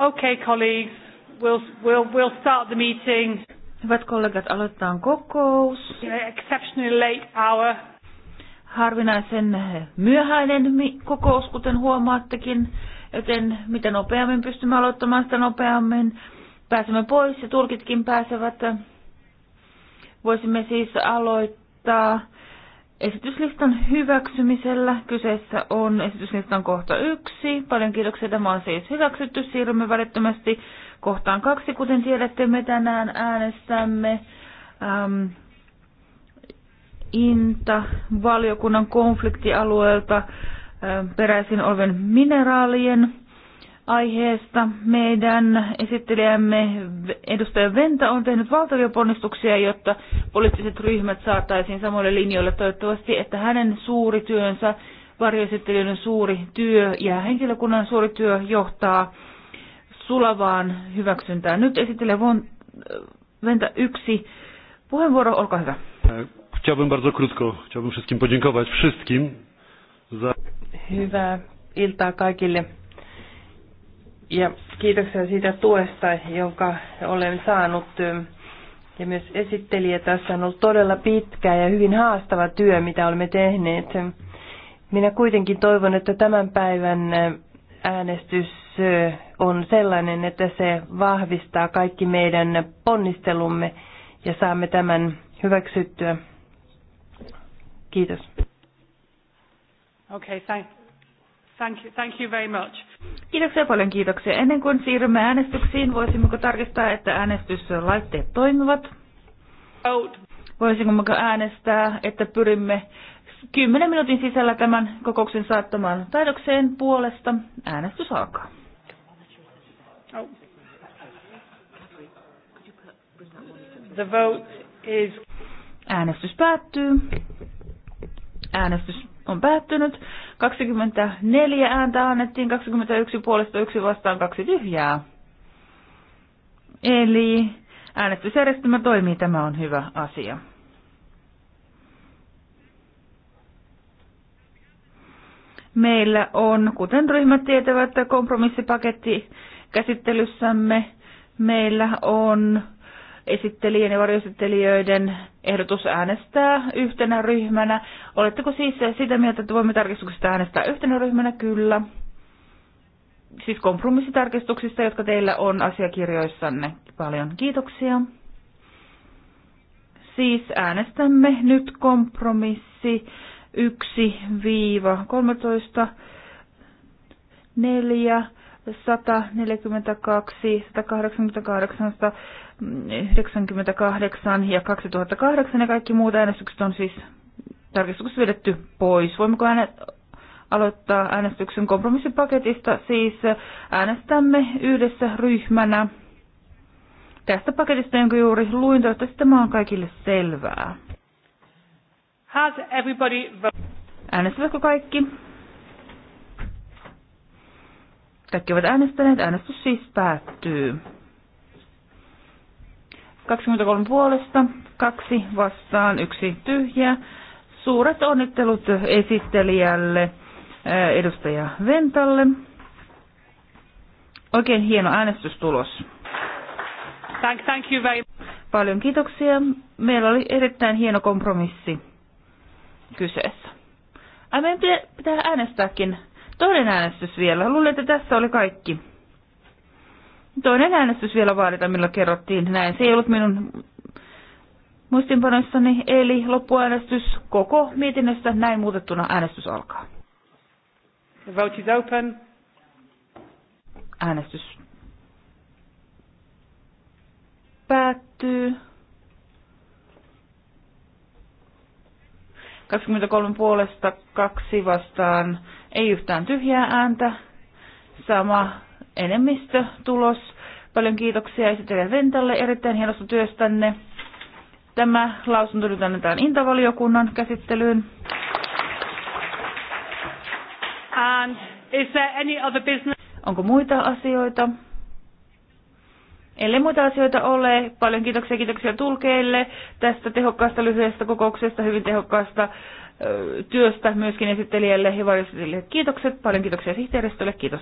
Okay, colleagues, we'll, we'll, we'll start the meeting. Hyvät kollegat, aloitetaan kokous. Exceptionally late hour. Harvinaisen myöhäinen kokous, kuten huomaattekin, joten mitä nopeammin pystymme aloittamaan, sitä nopeammin pääsemme pois ja turkitkin pääsevät. Voisimme siis aloittaa esityslistan hyväksymisellä. Kyseessä on esityslistan kohta yksi. Paljon kiitoksia. Tämä on siis hyväksytty. Siirrymme välittömästi kohtaan kaksi. Kuten tiedätte, me tänään äänestämme äm, INTA-valiokunnan konfliktialueelta äm, peräisin olevien mineraalien aiheesta. Meidän esittelijämme edustaja Venta on tehnyt valtavia ponnistuksia, jotta poliittiset ryhmät saataisiin samoille linjoille. Toivottavasti, että hänen suuri työnsä, varjoesittelijöiden suuri työ ja henkilökunnan suuri työ johtaa sulavaan hyväksyntään. Nyt esittelee äh, Venta yksi puheenvuoro, olkaa hyvä. Chciałbym bardzo krótko, chciałbym wszystkim podziękować wszystkim za... Hyvää iltaa kaikille ja kiitoksia siitä tuesta, jonka olen saanut. Ja myös esittelijä tässä on ollut todella pitkä ja hyvin haastava työ, mitä olemme tehneet. Minä kuitenkin toivon, että tämän päivän äänestys on sellainen, että se vahvistaa kaikki meidän ponnistelumme ja saamme tämän hyväksyttyä. Kiitos. Okay, thank, thank, you, thank you very much. Kiitoksia paljon, kiitoksia. Ennen kuin siirrymme äänestyksiin, voisimmeko tarkistaa, että äänestyslaitteet toimivat? Voisimmeko äänestää, että pyrimme 10 minuutin sisällä tämän kokouksen saattamaan taidokseen puolesta? Äänestys alkaa. The vote is... Äänestys päättyy. Äänestys on päättynyt. 24 ääntä annettiin, 21 puolesta, yksi vastaan, kaksi tyhjää. Eli äänestysjärjestelmä toimii, tämä on hyvä asia. Meillä on, kuten ryhmät tietävät, kompromissipaketti käsittelyssämme. Meillä on esittelijän ja varjoesittelijöiden ehdotus äänestää yhtenä ryhmänä. Oletteko siis sitä mieltä, että voimme tarkistuksista äänestää yhtenä ryhmänä? Kyllä. Siis kompromissitarkistuksista, jotka teillä on asiakirjoissanne. Paljon kiitoksia. Siis äänestämme nyt kompromissi 1-13, 4, 142, 188, 98 ja 2008 ja kaikki muut äänestykset on siis tarkistuksessa vedetty pois. Voimmeko äänet aloittaa äänestyksen kompromissipaketista? Siis äänestämme yhdessä ryhmänä tästä paketista, jonka juuri luin. Toivottavasti tämä on kaikille selvää. Has everybody... Äänestävätkö kaikki? Kaikki ovat äänestäneet. Äänestys siis päättyy. 23 puolesta, kaksi vastaan, yksi tyhjä. Suuret onnittelut esittelijälle, eh, edustaja Ventalle. Oikein hieno äänestystulos. Thank, thank you very Paljon kiitoksia. Meillä oli erittäin hieno kompromissi kyseessä. Ai meidän pitää äänestääkin Toinen äänestys vielä. Luulen, että tässä oli kaikki. Toinen äänestys vielä vaaditaan, millä kerrottiin näin. Se ei ollut minun muistinpanoissani, eli loppuäänestys koko mietinnöstä näin muutettuna äänestys alkaa. The vote is open. Äänestys päättyy. 23 puolesta, kaksi vastaan, ei yhtään tyhjää ääntä. Sama enemmistö tulos. Paljon kiitoksia esittelijä Ventalle erittäin hienosta työstänne. Tämä lausunto nyt annetaan intavaliokunnan käsittelyyn. And is there any other business? Onko muita asioita? Ellei muita asioita ole, paljon kiitoksia kiitoksia tulkeille tästä tehokkaasta lyhyestä kokouksesta, hyvin tehokkaasta ö, työstä myöskin esittelijälle ja varjostajille. Kiitokset, paljon kiitoksia sihteeristölle, kiitos.